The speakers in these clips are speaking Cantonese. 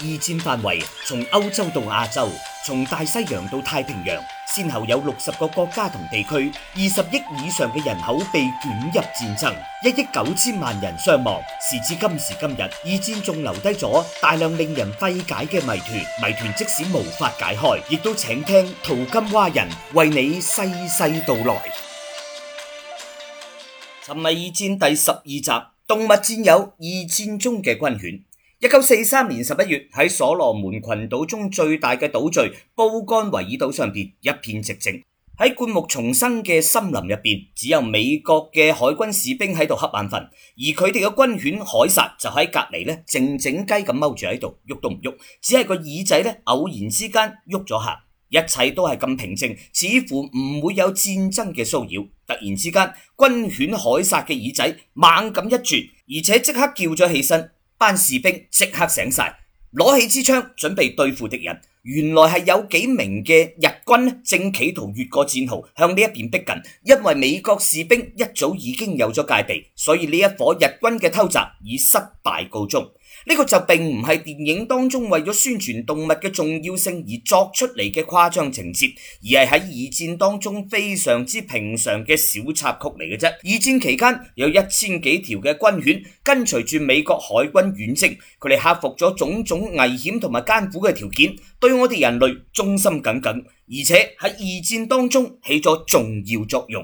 二戰範圍從歐洲到亞洲，從大西洋到太平洋，先後有六十個國家同地區，二十億以上嘅人口被捲入戰爭，一億九千萬人傷亡。時至今時今日，二戰仲留低咗大量令人費解嘅謎團，謎團即使無法解開，亦都請聽淘金蛙人為你細細道來。尋迷二戰第十二集《動物戰友》，二戰中嘅軍犬。一九四三年十一月，喺所羅門群島中最大嘅島嶼布干維爾島上邊，一片寂靜。喺灌木叢生嘅森林入邊，只有美國嘅海軍士兵喺度瞌眼瞓，而佢哋嘅軍犬凱撒就喺隔籬咧，靜靜雞咁踎住喺度，喐都唔喐，只係個耳仔咧偶然之間喐咗下。一切都係咁平靜，似乎唔會有戰爭嘅騷擾。突然之間，軍犬凱撒嘅耳仔猛咁一轉，而且即刻叫咗起身。班士兵即刻醒晒，攞起支槍準備對付敵人。原來係有幾名嘅日軍正企圖越過戰壕向呢一邊逼近，因為美國士兵一早已經有咗戒備，所以呢一伙日軍嘅偷襲以失敗告終。呢個就並唔係電影當中為咗宣傳動物嘅重要性而作出嚟嘅誇張情節，而係喺二戰當中非常之平常嘅小插曲嚟嘅啫。二戰期間有一千幾條嘅軍犬跟隨住美國海軍遠征，佢哋克服咗種種危險同埋艱苦嘅條件，對我哋人類忠心耿耿，而且喺二戰當中起咗重要作用。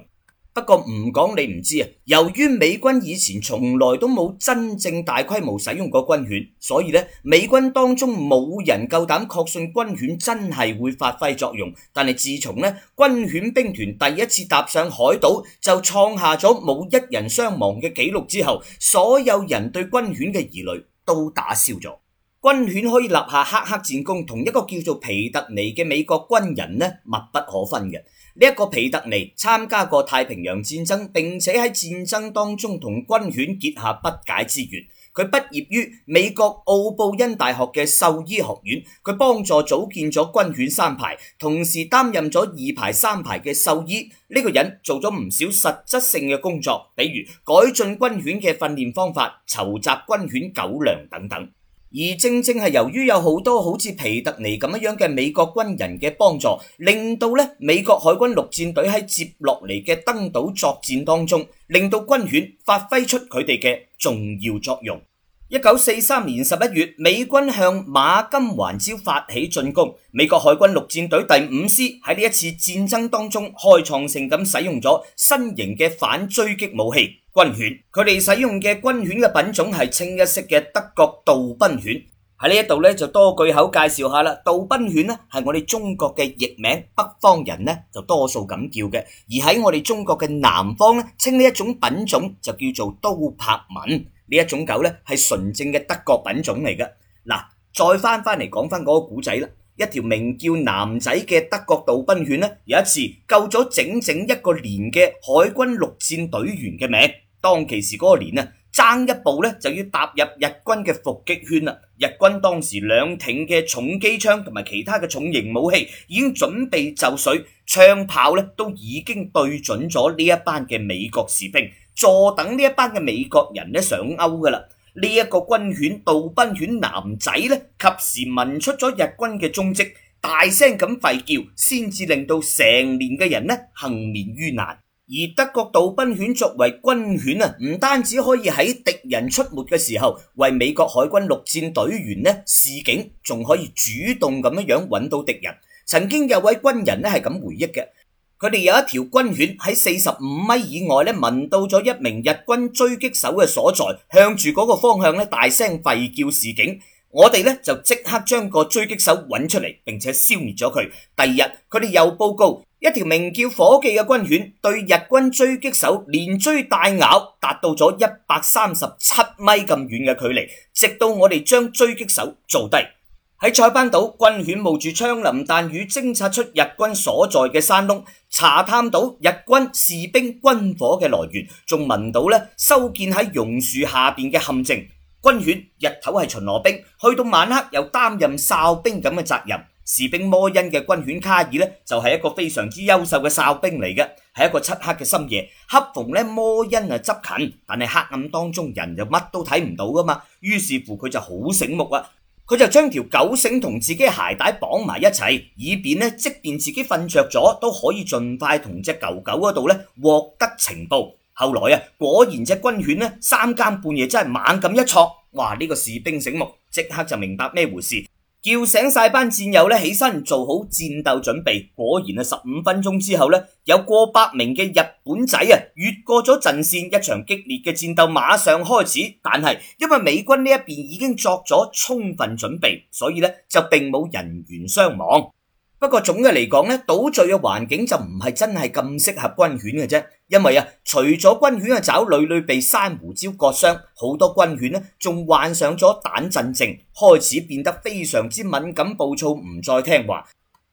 不過唔講你唔知啊，由於美軍以前從來都冇真正大規模使用過軍犬，所以呢，美軍當中冇人夠膽確信軍犬真係會發揮作用。但係自從呢，軍犬兵團第一次踏上海島，就創下咗冇一人傷亡嘅紀錄之後，所有人對軍犬嘅疑慮都打消咗。軍犬可以立下赫赫戰功，同一個叫做皮特尼嘅美國軍人呢，密不可分嘅。呢、這、一個皮特尼參加過太平洋戰爭，並且喺戰爭當中同軍犬結下不解之緣。佢畢業於美國奧布恩大學嘅獸醫學院，佢幫助組建咗軍犬三排，同時擔任咗二排、三排嘅獸醫。呢、這個人做咗唔少實質性嘅工作，比如改進軍犬嘅訓練方法、籌集軍犬狗糧等等。而正正係由於有好多好似皮特尼咁樣嘅美國軍人嘅幫助，令到咧美國海軍陸戰隊喺接落嚟嘅登島作戰當中，令到軍犬發揮出佢哋嘅重要作用。一九四三年十一月，美軍向馬金環礁發起進攻。美國海軍陸戰隊第五師喺呢一次戰爭當中，開創性咁使用咗新型嘅反追擊武器軍犬。佢哋使用嘅軍犬嘅品種係清一色嘅德國杜賓犬。喺呢一度咧，就多句口介紹下啦。杜賓犬咧係我哋中國嘅譯名，北方人咧就多數咁叫嘅，而喺我哋中國嘅南方咧，稱呢一種品種就叫做都柏文。呢一種狗咧係純正嘅德國品種嚟嘅。嗱，再翻翻嚟講翻嗰個古仔啦。一條名叫男仔嘅德國杜賓犬咧，有一次救咗整整一個連嘅海軍陸戰隊員嘅命。當其時嗰個連啊，爭一步咧就要踏入日軍嘅伏擊圈啦。日軍當時兩挺嘅重機槍同埋其他嘅重型武器已經準備就緒，槍炮咧都已經對準咗呢一班嘅美國士兵。坐等呢一班嘅美國人呢上鈎㗎喇！呢一個軍犬杜賓犬男仔呢，及時聞出咗日軍嘅蹤跡，大聲咁吠叫，先至令到成年嘅人呢幸免於難。而德國杜賓犬作為軍犬啊，唔單止可以喺敵人出沒嘅時候為美國海軍陸戰隊員呢示警，仲可以主動咁樣揾到敵人。曾經有位軍人呢，係咁回憶嘅。佢哋有一條軍犬喺四十五米以外咧，聞到咗一名日軍狙擊手嘅所在，向住嗰個方向咧，大聲吠叫示警。我哋咧就即刻將個狙擊手揾出嚟，並且消滅咗佢。第二日佢哋又報告一條名叫火記嘅軍犬對日軍狙擊手連追帶咬，達到咗一百三十七米咁遠嘅距離，直到我哋將狙擊手做低。喺塞班島，軍犬冒住槍林彈雨，偵察出日軍所在嘅山窿，查探到日軍士兵軍火嘅來源，仲聞到咧修建喺榕樹下邊嘅陷阱。軍犬日頭係巡邏兵，去到晚黑又擔任哨兵咁嘅責任。士兵摩恩嘅軍犬卡爾呢，就係一個非常之優秀嘅哨兵嚟嘅，係一個漆黑嘅深夜，恰逢咧摩恩啊執勤，但係黑暗當中人又乜都睇唔到噶嘛，於是乎佢就好醒目啊！佢就將條狗繩同自己的鞋帶綁埋一齊，以便呢，即便自己瞓着咗，都可以盡快同隻狗狗嗰度呢，獲得情報。後來果然隻軍犬三更半夜真係猛咁一挫，話呢個士兵醒目，即刻就明白咩回事。叫醒晒班戰友呢，起身做好戰鬥準備。果然啊，十五分鐘之後呢，有過百名嘅日本仔啊，越過咗陣線，一場激烈嘅戰鬥馬上開始。但係因為美軍呢一邊已經作咗充分準備，所以呢，就並冇人員傷亡。不過總嘅嚟講咧，島嶼嘅環境就唔係真係咁適合軍犬嘅啫，因為啊，除咗軍犬嘅爪屢屢被珊瑚礁割傷，好多軍犬呢仲患上咗彈震症，開始變得非常之敏感、暴躁，唔再聽話。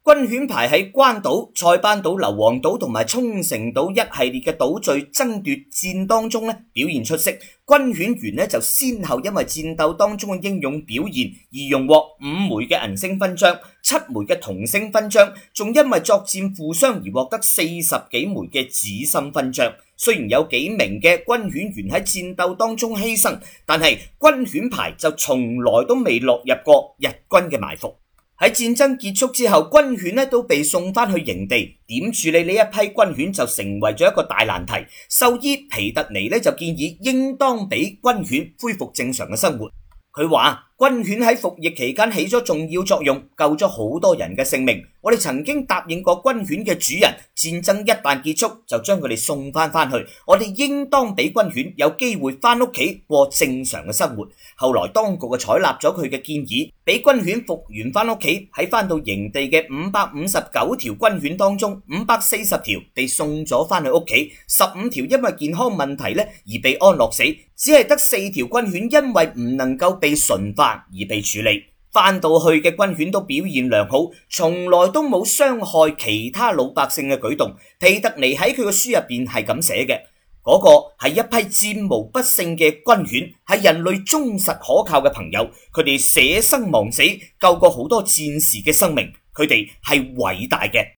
軍犬排喺關島、塞班島、硫磺島同埋沖繩島一系列嘅島嶼爭奪戰當中呢，表現出色，軍犬員呢，就先後因為戰鬥當中嘅英勇表現而榮獲五枚嘅銀星勳章、七枚嘅銅星勳章，仲因為作戰負傷而獲得四十幾枚嘅紫心勳章。雖然有幾名嘅軍犬員喺戰鬥當中犧牲，但係軍犬排就從來都未落入過日軍嘅埋伏。喺戰爭結束之後，軍犬呢都被送翻去營地，點處理呢一批軍犬就成為咗一個大難題。獸醫皮特尼呢就建議，應當俾軍犬恢復正常嘅生活。佢話：軍犬喺服役期間起咗重要作用，救咗好多人嘅性命。我哋曾經答應過軍犬嘅主人，戰爭一旦結束就將佢哋送翻翻去。我哋應當俾軍犬有機會翻屋企過正常嘅生活。後來當局嘅採納咗佢嘅建議，俾軍犬復員翻屋企。喺翻到營地嘅五百五十九條軍犬當中，五百四十條被送咗翻去屋企，十五條因為健康問題呢而被安樂死，只係得四條軍犬因為唔能夠被馴化。而被處理，返到去嘅軍犬都表現良好，從來都冇傷害其他老百姓嘅舉動。皮特尼喺佢嘅書入邊係咁寫嘅：嗰個係一批戰無不勝嘅軍犬，係人類忠實可靠嘅朋友，佢哋捨生忘死，救過好多戰士嘅生命，佢哋係偉大嘅。